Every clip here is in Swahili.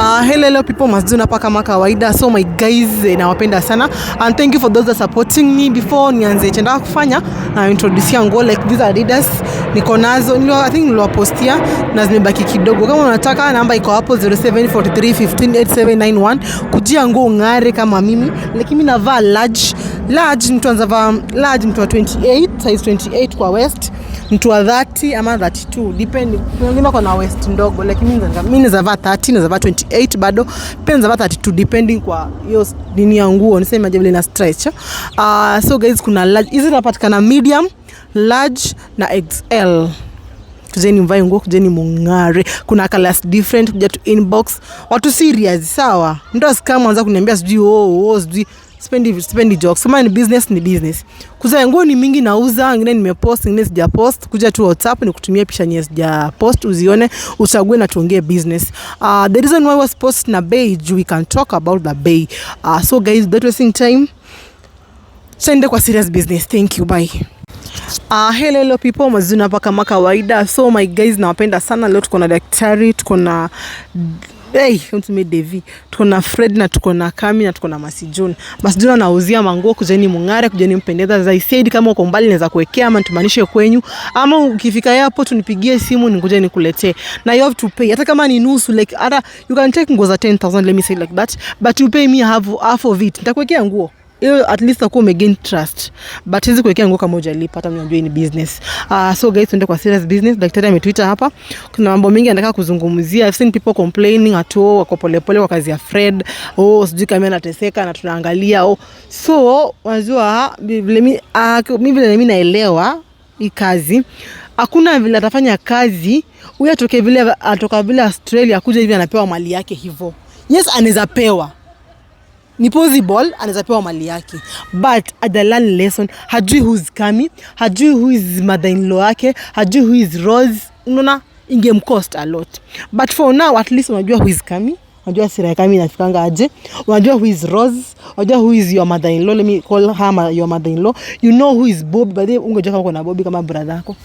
Uh, hello, hello people, mazuna paka kama kawaida. So my guys, eh, nawapenda sana and thank you for those that supporting me before nianze chenda kufanya na uh, introduce yangu like these Adidas niko nazo, I think niliwapostia na zimebaki kidogo. Kama unataka namba iko hapo 0743158791 kujia nguo ngare kama mimi, lakini mimi navaa large large, mtu anza anavaa large, mtu wa 28 size 28 kwa west mtu wa 30 ama 32 depend, wengine wako na west ndogo, lakini mimi nazavaa 30 nazavaa 28 8 bado pens about 32 depending kwa hiyo nini ya nguo nisema je vile na stretch. Uh, so guys kuna large hizi zinapatikana medium, large na XL. Kujeni mvae nguo, kujeni mung'are. Kuna colors different, kuja tu inbox. Watu serious sawa. Ndio sikaa mwanza kuniambia sijui oh, oh sijui Sipendi sipendi jokes. Kama ni business ni business. Kuza nguo ni mingi nauza, ngine nimepost, ngine sija post. Kuja tu WhatsApp ni kutumia picha nyingi post, uzione, uchague na tuongee business. Uh, the reason why was post na bei juu we can talk about the bei. Uh, so guys, that was in time. Sende kwa serious business. Thank you. Bye. Uh, hello, hello people, mazuna hapa kama kawaida. So my guys, nawapenda sana. Leo tuko na daktari, tuko na Hey, mtume Devi tuko na Fred na tuko na Kami na tuko na Masijun. Masijun anauzia manguo, kujeni mung'are, kujeni mpendeza. As I said, kama uko mbali naweza kuwekea ama tumanishe kwenyu, ama ukifika hapo tunipigie simu nikuje nikuletee, na you have to pay hata kama ni nusu, like ara, you can take nguo za 10000 let me say like that, but you pay me half half of it, nitakuwekea nguo hiyo at least akuwa umegain trust, but hizi kuwekea nguo kama hujalipa hata mniambie ni business. Uh, so guys, tuende kwa serious business. Daktari ametuita hapa, kuna mambo mengi anataka kuzungumzia. I've seen people complaining at all, wako polepole kwa kazi ya Fred. Oh, sijui kama anateseka na tunaangalia. Oh, so wazua vile mimi uh, ah, vile mimi naelewa hii kazi hakuna vile atafanya kazi huyu atoke vile atoka vile Australia kuja hivi anapewa mali yake hivyo. Yes, anaweza pewa ni possible anaweza pewa mali yake, but adalan lesson, hajui who is Kami, hajui who is mother in law yake, hajui who is Rose. Unaona, ingemcost a lot, but for now at least unajua who is Kami, unajua sira ya Kami inafikanga aje, unajua who is Rose, unajua who is your mother in law, let me call her your mother in law, you know who is Bob, but ungejua kama na bobi kama brother yako,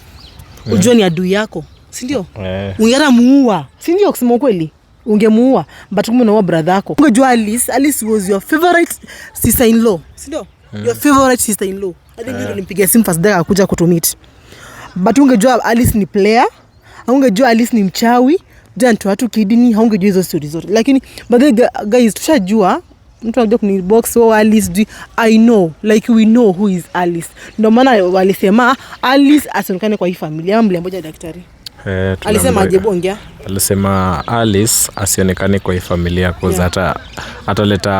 eh. ujua ni adui yako, sindio ndio? Eh. muua, sindio Kusema ukweli ungemuua but kumbe unaua brother yako. Ungejua Alice, Alice was your favorite sister in law, sindio? mm. Your favorite sister in law. I think ndio nilimpigia simu first day akakuja kutumit. But ungejua Alice ni player, ungejua Alice ni mchawi, jantu watu kidini, haungejua hizo stori zote. Lakini but the guys tushajua mtu anakuja kunibox oh, Alice do I know like we know who is Alice. Ndio maana walisema Alice asionekane kwa hii familia, ama mlia mliamboja daktari Eh, alisema aje Alisema Alice asionekane kwa hii familia cause hata yeah. ataleta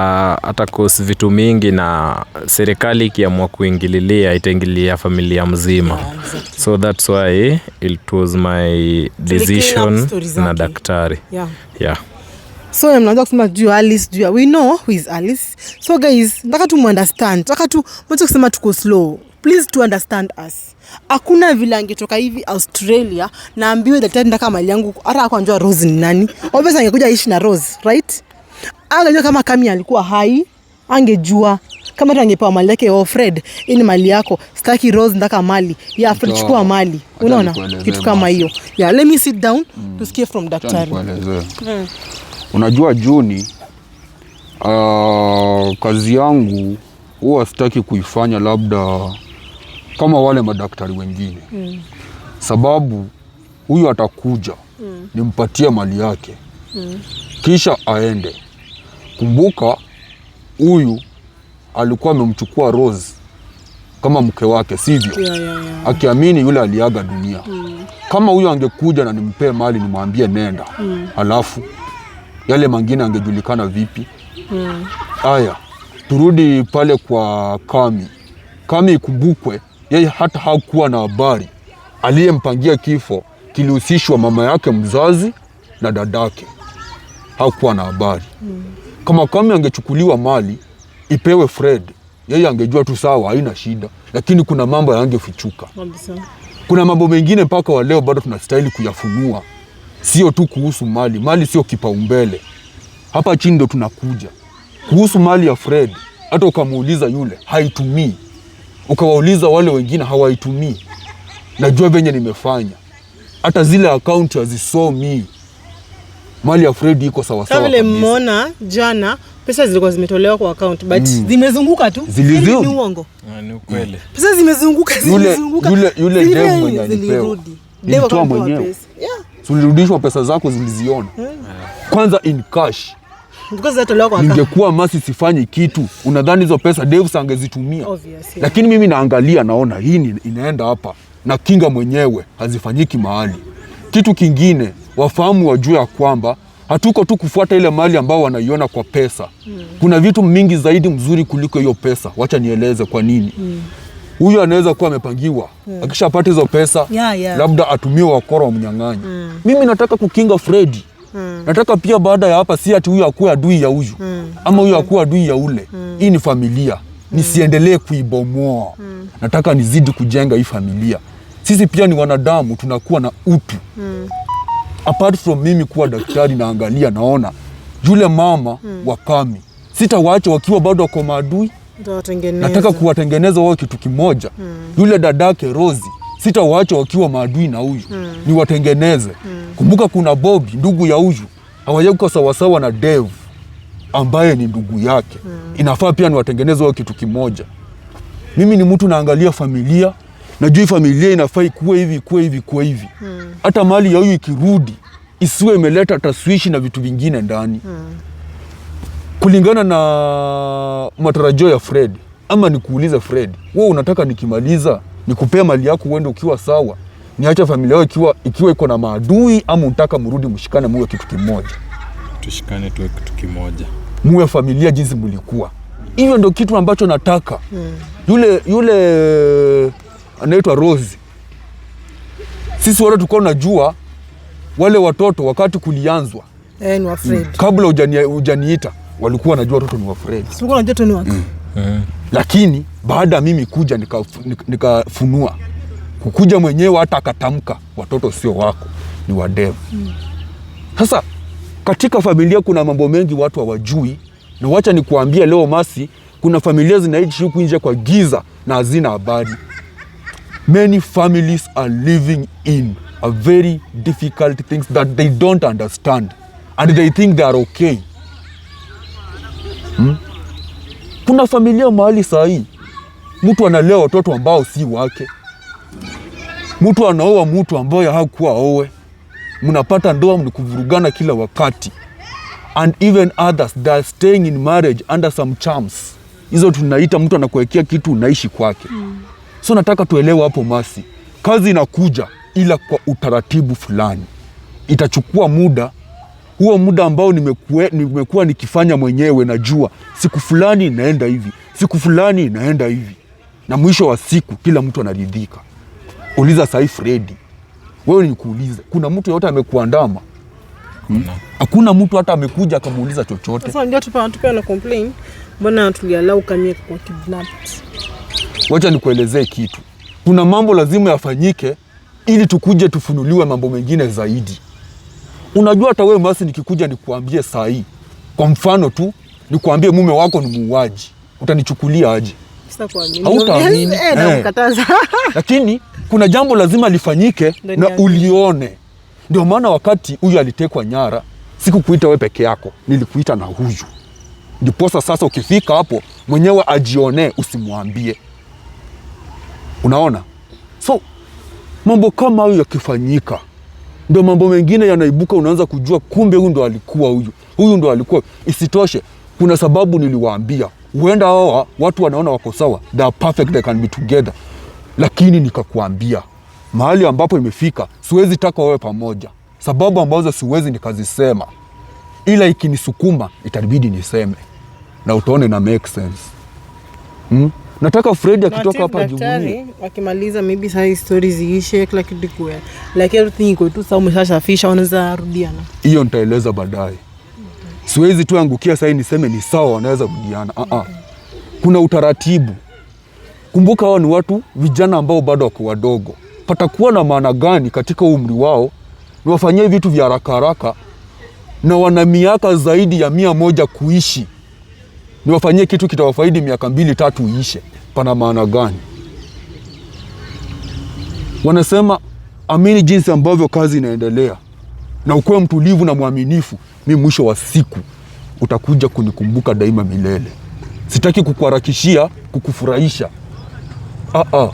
hata vitu mingi, na serikali ikiamua kuingililia itaingililia familia mzima yeah, exactly. so that's why it was my decision na daktari yeah. Yeah. So mnaanza kusema juu Alice, juu we know who is Alice. So guys, nataka tu nataka tu kusema tuko slow please to understand us. Hakuna vile angetoka hivi Australia na ambiwe that ndaka mali yangu, hata hako anjua Rose ni nani. Obviously angekuja ishi na Rose, right? Angejua kama Kami alikuwa hai, angejua kama hata angepewa mali yake. Oh Fred, hii ni mali yako, Staki Rose, ndaka mali ya Fred, chukua mali. Unaona kitu kama hiyo? Yeah, let me sit down mm, tusikie from daktari. Mm. Unajua Juni, uh, kazi yangu huwa sitaki kuifanya labda kama wale madaktari wengine mm. Sababu huyu atakuja mm. nimpatie mali yake mm. kisha aende. Kumbuka huyu alikuwa amemchukua Rose kama mke wake, sivyo? yeah, yeah, yeah. Akiamini yule aliaga dunia mm. Kama huyu angekuja na nimpee mali nimwambie nenda mm. alafu yale mangine angejulikana vipi? Mm. Haya, mm. turudi pale kwa Kami. Kami ikumbukwe yeye hata hakuwa na habari. Aliyempangia kifo kilihusishwa mama yake mzazi na dadake, hakuwa na habari. Kama kama angechukuliwa mali ipewe Fred, yeye angejua tu sawa, haina shida, lakini kuna mambo yangefichuka. Kuna mambo mengine mpaka wa leo bado tunastahili kuyafunua, sio tu kuhusu mali. Mali sio kipaumbele hapa chini, ndo tunakuja kuhusu mali ya Fred. Hata ukamuuliza yule haitumii ukawauliza wale wengine hawaitumii. Najua venye nimefanya, hata zile akaunti hazisomi. Mali ya Fredi iko sawa Vile mmeona jana pesa zilikuwa zimetolewa kwa account but mm. zimezunguka tu. Yaani ni uongo. Ah, ni ukweli. Mm. Pesa zimezunguka zimezunguka. Yule yule dem mwenye alipewa. mwenyewe. Yeah. Ulirudishwa pesa zako ziliziona. Mm. Kwanza in cash ningekuwa masi sifanyi kitu, unadhani hizo pesa Devs angezitumia? Lakini mimi naangalia naona hii inaenda hapa na kinga mwenyewe hazifanyiki mahali. Kitu kingine wafahamu, wajue ya kwamba hatuko tu kufuata ile mali ambao wanaiona kwa pesa mm. Kuna vitu mingi zaidi mzuri kuliko hiyo pesa. Wacha nieleze kwa nini hmm. huyu mm. anaweza kuwa amepangiwa yeah. Hmm. Akishapata hizo pesa yeah, yeah. labda atumie wakora mnyang'anyi mm. Mimi nataka kukinga Fredi Hmm. Nataka pia baada ya hapa si ati huyu akuwe adui ya huyu mm. ama huyu akuwe adui ya ule mm. Hii ni familia mm. Nisiendelee kuibomoa mm. Nataka nizidi kujenga hii familia. Sisi pia ni wanadamu, tunakuwa na utu mm. Apart from mimi kuwa daktari, naangalia naona yule mama mm. wakami, sitawaacha wakiwa bado wako maadui. Nataka kuwatengeneza wao kitu kimoja mm. Yule dadake Rozi sitawaacha wakiwa maadui na huyu mm. niwatengeneze mm. Kumbuka kuna Bobi ndugu ya huyu hawajauka sawasawa na Dev ambaye ni ndugu yake mm. Inafaa pia niwatengeneze wao kitu kimoja. Mimi ni mtu naangalia familia, najui familia inafaa ikuwe hivi ikuwe hivi ikuwe hivi hmm. hata mm. mali ya huyu ikirudi isiwe imeleta taswishi na vitu vingine ndani mm. kulingana na matarajio ya Fred. Ama nikuulize Fred, wewe unataka nikimaliza kupea mali yako uende ukiwa sawa, niacha familia yao ikiwa ikiwa iko na maadui, ama unataka mrudi mshikane, muwe kitu kimoja? Tushikane tuwe kitu kimoja, muwe familia jinsi mlikuwa. Hiyo ndio kitu ambacho nataka. Hmm. Yule yule anaitwa Rose, sisi wote tulikuwa tunajua wale watoto wakati kulianzwa eh, ni Wafred. Hmm. Kabla hujaniita walikuwa wanajua watoto ni Wafred, eh. lakini baada ya mimi kuja nikafunua nika kukuja mwenyewe, hata akatamka watoto sio wako, ni wadevu. Sasa katika familia kuna mambo mengi watu hawajui, na wacha nikuambia leo Masi, kuna familia zinaishi huku nje kwa giza na hazina habari. Many families are living in a very difficult things that they don't understand and they think they are okay. Hmm? Kuna familia mahali saa hii mtu analea watoto ambao si wake, mtu anaoa mtu ambaye hakuwa owe, mnapata ndoa mlikuvurugana kila wakati, and even others that are staying in marriage under some charms. Hizo tunaita mtu anakuwekea kitu unaishi kwake. Mm. So nataka tuelewe hapo, masi, kazi inakuja, ila kwa utaratibu fulani, itachukua muda huo muda ambao nimekuwa nimekua nikifanya mwenyewe, najua siku fulani inaenda hivi, siku fulani inaenda hivi na mwisho wa siku kila mtu anaridhika. Uliza sahii Fredi, wewe nikuulize, kuna mtu yote amekuandama? Hmm? Hakuna hmm? Mtu hata amekuja akamuuliza chochote. Sasa ndio tupa tupa na complain, mbona tulialau kamia kwa kidnapped? Wacha nikuelezee kitu, kuna mambo lazima yafanyike ili tukuje tufunuliwe mambo mengine zaidi. Unajua hata wewe Masi, nikikuja nikuambie sahii kwa mfano tu, nikuambie mume wako ni muuaji, utanichukulia aje? hautaamini eh, eh. lakini kuna jambo lazima lifanyike na ulione. Ndio maana wakati huyu alitekwa nyara, sikukuita we peke yako, nilikuita na huyu. Ndiposa sasa ukifika hapo mwenyewe ajionee, usimwambie. Unaona, so mambo kama hayo yakifanyika, ndio mambo mengine yanaibuka. Unaanza kujua kumbe huyu ndo alikuwa huyu, huyu ndo alikuwa. Isitoshe, kuna sababu niliwaambia huenda hawa watu wanaona wako sawa, they are perfect, they can be together, lakini nikakuambia mahali ambapo imefika, siwezi taka wewe pamoja, sababu ambazo siwezi nikazisema, ila ikinisukuma itabidi niseme na utaone na make sense hmm? Nataka Fred akitoka hapa jumuni wakimaliza, maybe sasa story ziishe, kila kitu kwa, like everything iko tu sawa, umeshashafisha, wanaweza rudiana. Hiyo nitaeleza baadaye siwezi tu angukia sasa niseme ni sawa, wanaweza kujiana. uh ah, -uh. Ah. Kuna utaratibu. Kumbuka wao ni watu vijana ambao bado wako wadogo, patakuwa na maana gani katika umri wao niwafanyie vitu vya haraka haraka, na wana miaka zaidi ya mia moja kuishi, niwafanyie kitu kitawafaidi miaka mbili tatu iishe? Pana maana gani? Wanasema amini jinsi ambavyo kazi inaendelea, na ukuwe mtulivu na mwaminifu mi mwisho wa siku utakuja kunikumbuka daima milele. Sitaki kukuharakishia, kukufurahisha. Ah, ah.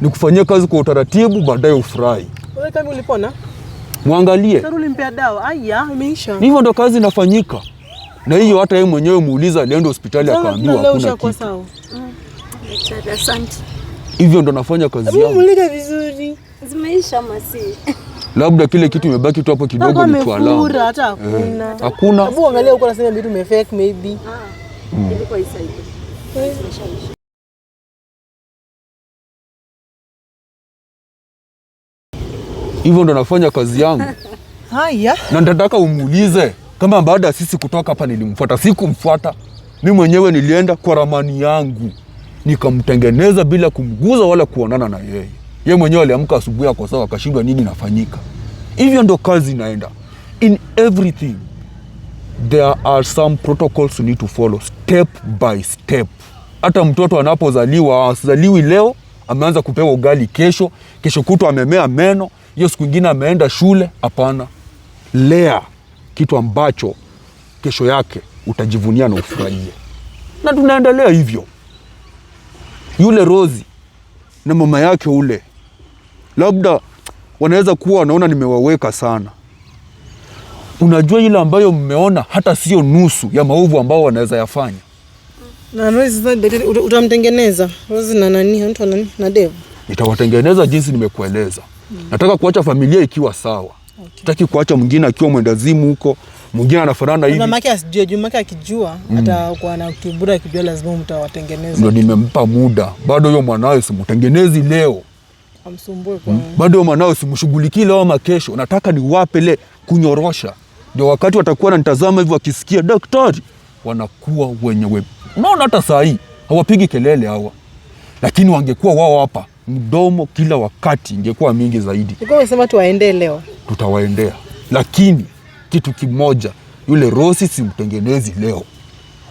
Nikufanyia kazi kwa utaratibu, baadaye ufurahi. Wewe kama ulipona? Mwangalie. Sasa ulimpea dawa. Aya, imeisha. Hivyo ndo kazi inafanyika. Na hiyo hata yeye mwenyewe muuliza, alienda hospitali akaambiwa hakuna kitu. Hivyo ndo nafanya kazi yangu. Mulika vizuri. Zimeisha masi. labda kile kitu imebaki tu hapo kidogo, mtu hata hakuna hivyo ndo nafanya kazi yangu. Haya, na nitataka umuulize kama baada ya sisi kutoka hapa nilimfuata, sikumfuata. Mi mwenyewe nilienda kwa ramani yangu nikamtengeneza bila kumguza wala kuonana na yeye. Yeye mwenyewe aliamka asubuhi akakosa, akashindwa nini nafanyika. Hivyo ndo kazi inaenda. In everything there are some protocols you need to follow step by step. Hata mtoto anapozaliwa asizaliwi leo ameanza kupewa ugali kesho, kesho kutwa amemea meno, hiyo siku ingine ameenda shule. Hapana, lea kitu ambacho kesho yake utajivunia na ufurahie, na tunaendelea hivyo. Yule Rozi na mama yake ule labda wanaweza kuwa wanaona nimewaweka sana. Unajua ile ambayo mmeona hata sio nusu ya maovu ambao wanaweza yafanya. Utamtengeneza na nani? Na nitawatengeneza jinsi nimekueleza. Mm. Nataka kuacha familia ikiwa sawa. Okay. Taki kuacha mwingine akiwa mwendazimu huko, mwingine anafanana hivi. Mama yake asijue, juu mama akijua hmm. na kiburi akijua lazima mtawatengeneza. Ndio nimempa muda. Bado huyo mwanawe simtengenezi leo amsumbue kwa mm. bado mwanao simshughulikie leo ama kesho. Unataka niwapele kunyorosha, ndio wakati watakuwa wananitazama hivyo, wakisikia daktari wanakuwa wenyewe. Unaona hata saa hii hawapigi kelele hawa, lakini wangekuwa wao hapa mdomo kila wakati ingekuwa mingi zaidi. Umesema tuwaendee leo, tutawaendea lakini kitu kimoja, yule Rosi simtengenezi leo,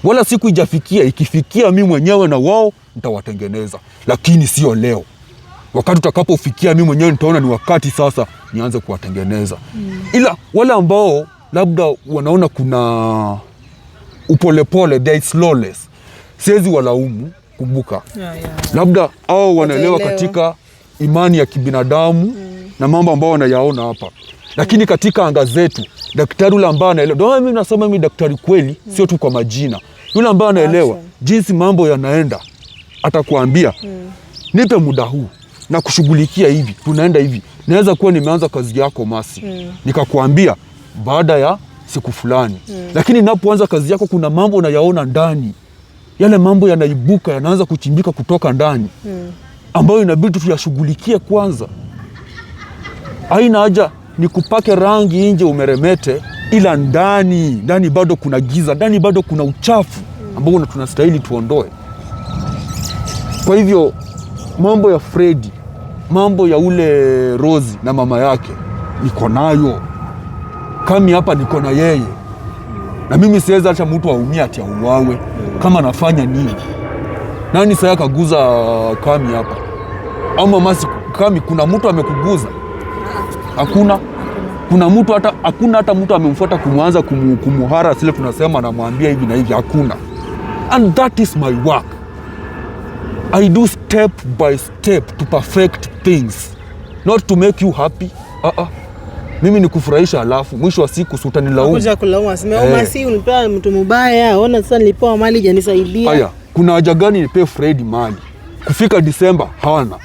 wala siku ijafikia. Ikifikia mi mwenyewe na wao nitawatengeneza, lakini sio leo wakati utakapofikia mi mwenyewe nitaona ni wakati sasa nianze kuwatengeneza mm. Ila wale ambao labda wanaona kuna upolepole, siwezi walaumu. Kumbuka yeah, yeah. Labda au wanaelewa katika imani ya kibinadamu mm. na mambo ambayo wanayaona hapa lakini mm. katika anga zetu daktari ule ambaye anaelewa, ndio mimi nasema daktari kweli mm. sio tu kwa majina, yule ambaye anaelewa jinsi mambo yanaenda atakuambia mm. nipe muda huu na kushughulikia hivi, tunaenda hivi. Naweza kuwa nimeanza kazi yako Masi mm. nikakwambia baada ya siku fulani mm. lakini napoanza kazi yako kuna mambo unayaona ndani, yale mambo yanaibuka yanaanza kuchimbika kutoka ndani mm. ambayo inabidi tuyashughulikie kwanza. Haina haja nikupake rangi nje umeremete, ila ndani ndani bado kuna giza, ndani bado kuna uchafu hmm. ambao tunastahili tuondoe. Kwa hivyo mambo ya Fredi, mambo ya ule Rozi na mama yake niko nayo kami hapa, niko na yeye, na mimi siwezi acha mtu aumie ati auawe. Kama nafanya nini? Nani saya kaguza kami hapa ama masi kami? Kuna mtu amekuguza? Hakuna. Kuna mtu hata hakuna hata mtu amemfuata kumwanza kumuhara, sile tunasema anamwambia hivi na hivi, hakuna. And that is my work. I do step by step to perfect things not to make you happy uh -uh. Mimi ni kufurahisha, alafu mwisho wa siku si oh, eh. Unipewa mtu mubaya, ona sasa nilipewa mali janisaidia. kuna haja gani nipee fredi mali kufika Disemba hana?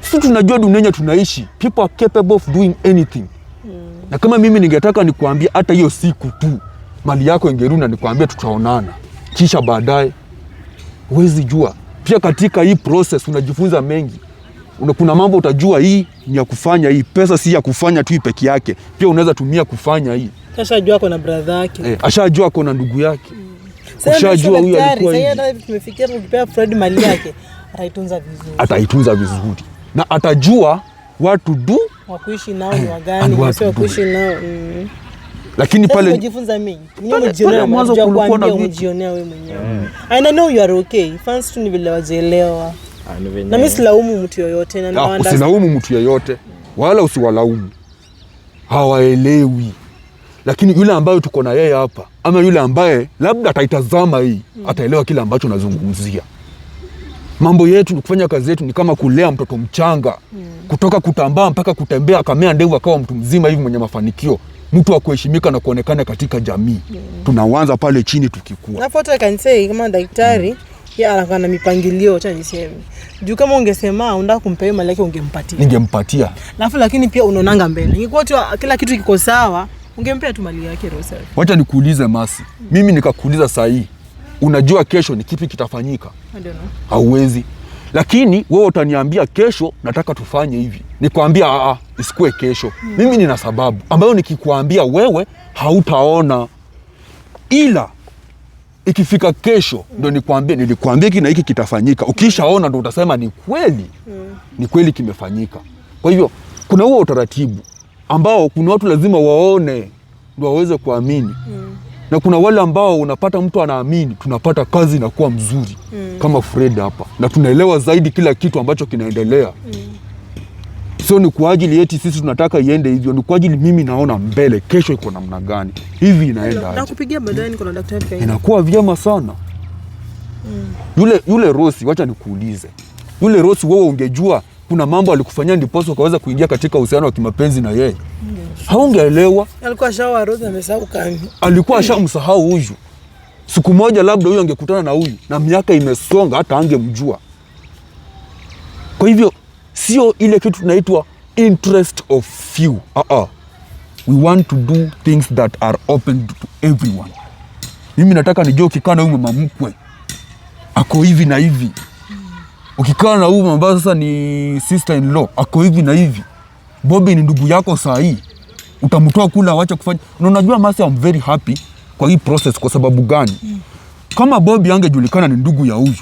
si tunajua dunenya tunaishi, people are capable of doing anything mm. Na kama mimi ningetaka nikuambia hata hiyo siku tu mali yako ingeruna nikuambia tutaonana, kisha baadaye huwezi jua pia katika hii process unajifunza mengi, kuna mambo utajua, hii ni ya kufanya hii. Pesa si ya kufanya tu peke yake, pia unaweza tumia kufanya hii. Ashajua ako na brother yake eh, ashajua ako ndugu yake, mm. ashajua huyu alikuwa hivi. Tumefikia kupea Fred mali yake ataitunza vizuri, ataitunza vizuri na atajua what to do, wakuishi nao ni eh, wagani, sio kuishi nao mm lakini pale unajifunza mimi ni mwanzo kulikuwa na unajionea wewe mwenyewe and mm. I know you are okay fans tu ni vile wajelewa ah, na mimi silaumu mtu yoyote na ah, naanda usilaumu mtu yoyote wala usiwalaumu hawaelewi lakini yule ambaye tuko na yeye hapa ama yule ambaye labda ataitazama hii mm. ataelewa kile ambacho nazungumzia mambo yetu kufanya kazi yetu ni kama kulea mtoto mchanga mm. kutoka kutambaa mpaka kutembea akamea ndevu akawa mtu mzima hivi mwenye mafanikio mtu wa kuheshimika na kuonekana katika jamii yeah. Tunaanza pale chini tukikua. Nafuata kanisei kama daktari mm. Anakuwa na mipangilio, acha niseme juu, kama ungesema unataka kumpea yeye mali yake ungempatia, ningempatia alafu, lakini pia unaonanga mbele, ingekuwa tu kila kitu kiko sawa, ungempea tu mali yake roho safi. Wacha nikuulize Masi, Mm. mimi nikakuuliza saa hii, unajua kesho ni kipi kitafanyika? Hauwezi lakini wewe utaniambia kesho nataka tufanye hivi, nikwambia a, ah, ah, isikuwe kesho hmm. Mimi nina sababu ambayo nikikuambia wewe hautaona, ila ikifika kesho ndo nikwambie, nilikwambia hiki na hiki kitafanyika. Ukishaona ndo utasema ni kweli, hmm. ni kweli kimefanyika. Kwa hivyo kuna huo utaratibu ambao kuna watu lazima waone ndo waweze kuamini hmm na kuna wale ambao unapata mtu anaamini, tunapata kazi inakuwa mzuri mm. kama Fred hapa, na tunaelewa zaidi kila kitu ambacho kinaendelea mm. Sio ni kwa ajili eti sisi tunataka iende hivyo, ni kwa ajili mimi naona mbele, kesho iko namna gani, hivi inaenda aje? daktari inakuwa vyema sana mm. Yule, yule Rosi, wacha nikuulize, yule Rosi, wewe ungejua kuna mambo alikufanyia ndiposa ukaweza kuingia katika uhusiano wa kimapenzi na yeye. Haungeelewa, alikuwa ashamsahau huyu. Siku moja labda huyu angekutana na huyu, na miaka imesonga, hata angemjua. Kwa hivyo sio ile kitu tunaitwa interest of few. Uh -uh. We want to do things that are open to everyone. Mimi nataka nijue ukikaa na huyu mama mkwe ako hivi na hivi ukikaa na huyu ambaye sasa ni sister in law ako hivi na hivi, Bobi ni ndugu yako saa hii, utamtoa kula, awacha kufanya na unajua Masi, I'm very happy kwa hii process. Kwa sababu gani? Kama Bobi angejulikana ni ndugu ya huyu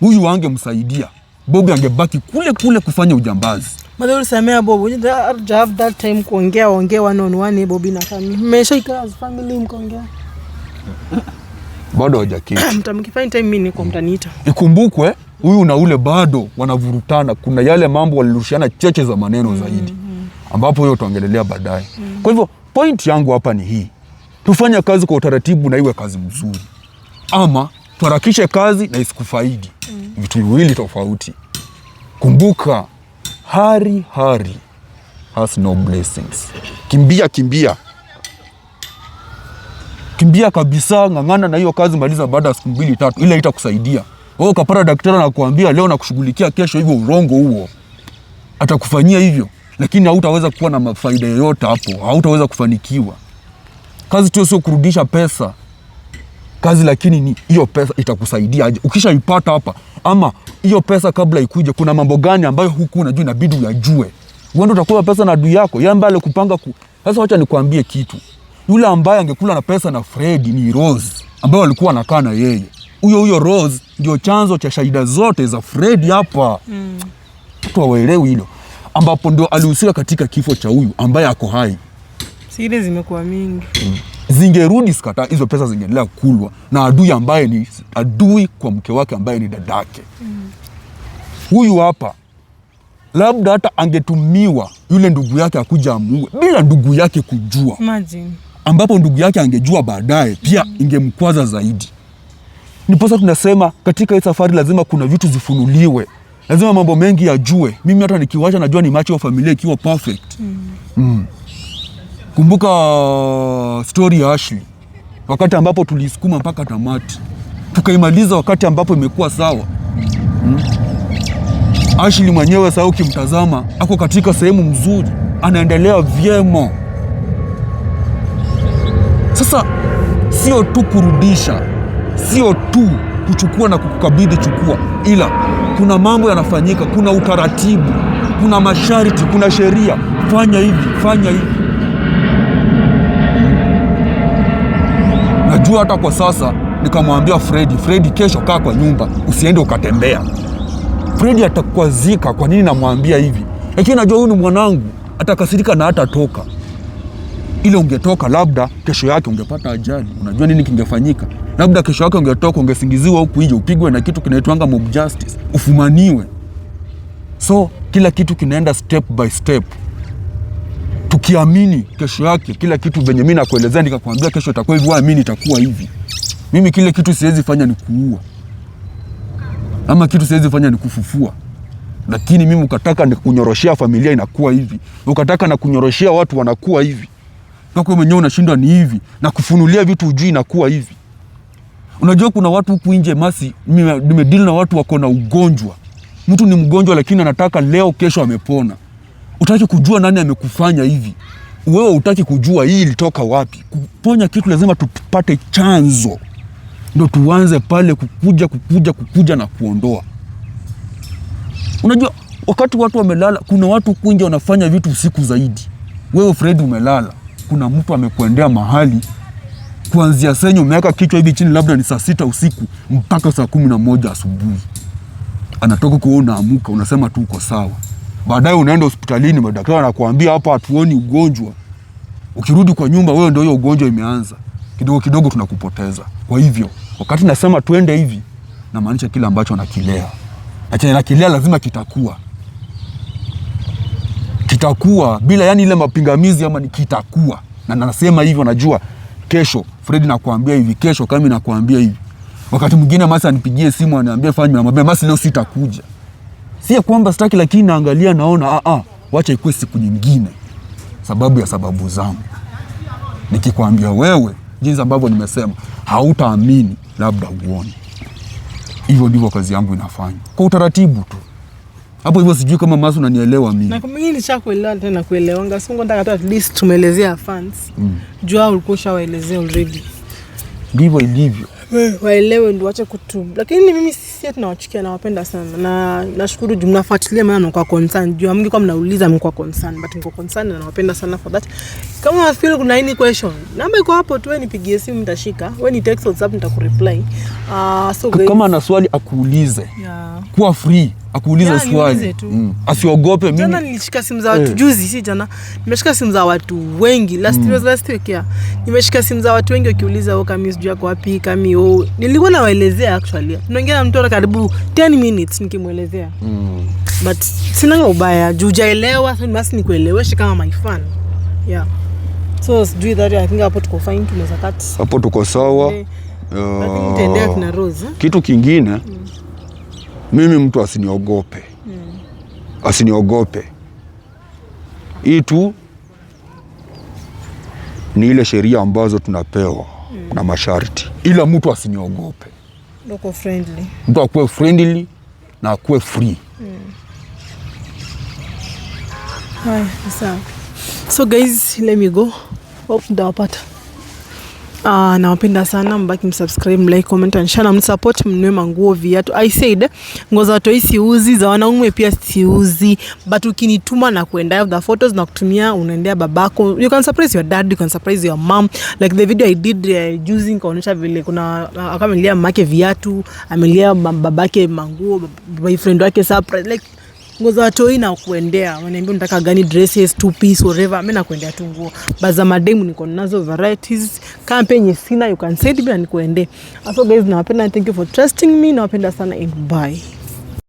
huyu, angemsaidia Bobi, angebaki kule kule kufanya ujambazi. Mother ulisemea Bobi, you have that time kuongea ongea one on one Bobi na family. Mmeshaika as family mkaongea. Bado hajaketi. Mtamkifanya time mimi niko mm. mtaniita. Ikumbukwe huyu na ule bado wanavurutana. Kuna yale mambo walirushiana cheche za maneno mm -hmm. zaidi ambapo hiyo tuangelelea baadaye mm -hmm. Kwa hivyo point yangu hapa ni hii, tufanye kazi kwa utaratibu na iwe kazi mzuri, ama tuharakishe kazi na isikufaidi mm -hmm. Vitu viwili tofauti. Kumbuka, hari hari has no blessings. Kimbia kimbia kimbia kabisa, ng'ang'ana na hiyo kazi, maliza baada ya siku mbili tatu, ile itakusaidia wewe ukapata daktari anakuambia leo nakushughulikia kesho, hivyo urongo huo, atakufanyia hivyo, lakini hautaweza kuwa na faida yoyote hapo, hautaweza kufanikiwa. Kazi tu sio kurudisha pesa kazi, lakini ni hiyo pesa itakusaidia aje ukishaipata hapa, ama hiyo pesa kabla ikuje, kuna mambo gani ambayo huku unajua inabidi uyajue. Wewe utakuwa pesa na adui yako, yeye ambaye alikupanga ku... Sasa wacha nikwambie kitu, yule ambaye angekula na pesa na Fredi ni Rose ambaye walikuwa anakaa na yeye huyo huyo Rose ndio chanzo cha shahida zote za Fred hapa mm. Watu hawaelewi hilo, ambapo ndio alihusika katika kifo cha huyu ambaye ako hai. Siri zimekuwa mingi mm. Zingerudi sikata, hizo pesa zingeendelea kulwa na adui ambaye ni adui kwa mke wake ambaye ni dadake mm. Huyu hapa labda hata angetumiwa yule ndugu yake akuja amuue bila ndugu yake kujua. Imagine. Ambapo ndugu yake angejua baadaye pia mm. ingemkwaza zaidi niposa tunasema katika hii safari lazima kuna vitu zifunuliwe, lazima mambo mengi yajue. Mimi hata nikiwacha najua ni macho ya familia ikiwa perfect mm. Mm. Kumbuka uh, stori ya Ashley wakati ambapo tulisukuma mpaka tamati tukaimaliza, wakati ambapo imekuwa sawa mm. Ashley mwenyewe sasa ukimtazama ako katika sehemu mzuri, anaendelea vyema. Sasa sio tu kurudisha sio tu kuchukua na kukukabidhi chukua, ila kuna mambo yanafanyika, kuna utaratibu, kuna masharti, kuna sheria, fanya hivi, fanya hivi. Najua hata kwa sasa nikamwambia Fredi, Fredi, kesho kaa kwa nyumba, usiende ukatembea. Fredi atakwazika, kwa nini namwambia hivi? Lakini najua huyu ni mwanangu, atakasirika na hatatoka. Ile ungetoka labda kesho yake ungepata ajali, unajua nini kingefanyika? labda kesho yake ungetoka ungesingiziwa huku nje upigwe na kitu kinaitwanga mob justice, ufumaniwe. So kila kitu kinaenda step by step, tukiamini kesho yake kila kitu venye mi nakuelezea nikakwambia kesho itakuwa hivi, waamini itakuwa hivi. Mimi kile kitu siwezi fanya ni kuua ama kitu siwezi fanya ni kufufua, lakini mimi ukataka ni kunyoroshea familia inakuwa hivi, ukataka na kunyoroshea watu wanakuwa hivi, kako mwenyewe unashindwa ni hivi, na kufunulia vitu ujui inakuwa hivi. Unajua kuna watu huku nje Masi, nimedeal na watu wako na ugonjwa. Mtu ni mgonjwa lakini anataka leo kesho amepona. Utaki kujua nani amekufanya hivi. Wewe utaki kujua hii ilitoka wapi. Kuponya kitu lazima tupate chanzo, ndo tuanze pale kukuja kukuja kukuja na kuondoa. Unajua wakati watu wamelala, kuna watu huku nje wanafanya vitu usiku zaidi. Wewe Fred umelala, kuna mtu amekuendea mahali kuanzia senye umeweka kichwa hivi chini, labda ni saa sita usiku mpaka saa kumi na moja asubuhi, anatoka kuwa unaamuka, unasema tu uko sawa. Baadaye unaenda hospitalini, madaktari anakuambia hapa hatuoni ugonjwa. Ukirudi kwa nyumba, wewe ndio hiyo ugonjwa imeanza kidogo kidogo, tunakupoteza. Kwa hivyo wakati nasema tuende hivi, namaanisha kile ambacho anakilea na chenye nakilea lazima kitakuwa kitakuwa bila yani ile mapingamizi ama ni kitakuwa, na nasema hivyo, najua kesho Fred, nakuambia hivi, kesho kama nakuambia hivi. Wakati mwingine Masi anipigie simu aniambie fanya, namwambia Masi leo sitakuja. Si kwamba sitaki, lakini naangalia naona a ah, a, ah, wacha ikue siku nyingine, sababu ya sababu zangu. Nikikwambia wewe jinsi ambavyo nimesema, hautaamini, labda uone. Hivyo ndivyo kazi yangu inafanya kwa utaratibu tu hapo hivyo, sijui kama Masu unanielewa mimi. Na kama nishakuelewa tena kuelewanga, sio nataka at least tumeelezea fans. Mm. Jua ulikuwa ushawaelezea already. Ndivyo ilivyo. Waelewe ndio waache kutu. Lakini mimi pia tunawachukia, nawapenda sana na nashukuru juu mnafuatilia, maana nakuwa concern juu amngi kwa mnauliza, mko concern but mko concern na nawapenda sana for that. Kama feel kuna any question, namba iko hapo tu, wewe nipigie simu mtashika we ni text WhatsApp nitakureply. Ah, so kama ana swali akuulize, yeah. Kuwa free akuulize swali mm. Asiogope. Mimi jana nilishika simu za watu eh, juzi si jana, nimeshika simu za watu wengi last mm. last week ya nimeshika simu za watu wengi wakiuliza, oh kama sijui yako wapi kama, oh nilikuwa nawaelezea actually, tunaongea na mtu karibu 10 minutes nikimwelezea mm. but sina ubaya juu jaelewa, so basi nikueleweshe kama my fan yeah. so sijui that I think hapo tuko fine, tunaweza cut hapo tuko sawa okay. Uh, eh, oh. kina Rose, eh? kitu kingine mm. mimi mtu asiniogope mm. asiniogope hii tu ni ile sheria ambazo tunapewa mm. na masharti, ila mtu asiniogope local friendly, mtu akuwe friendly na akuwe free mm. Haya, So guys, let me go. Hope ndawapata. Uh, nawapenda sana, mbaki msubscribe, like, comment and share, na mnisupport, mnunue manguo, viatu. I said nguo za watoi siuzi, za wanaume pia siuzi, but ukinituma na kuenda the photos na kutumia, unaendea babako. You can surprise your dad, you can surprise your mom, like the video I did uh, eh, using nikaonyesha vile kuna uh, ah, akamelia mamake viatu, amelia babake manguo, boyfriend wake surprise like nguo za watoi na kuendea, wananiambia nataka gani, dresses two piece whatever. Mimi nakuendea tu nguo baza mademu, niko nazo varieties. Kama penye sina, you can send me na nikuendee. So guys, nawapenda, thank you for trusting me, nawapenda sana and bye.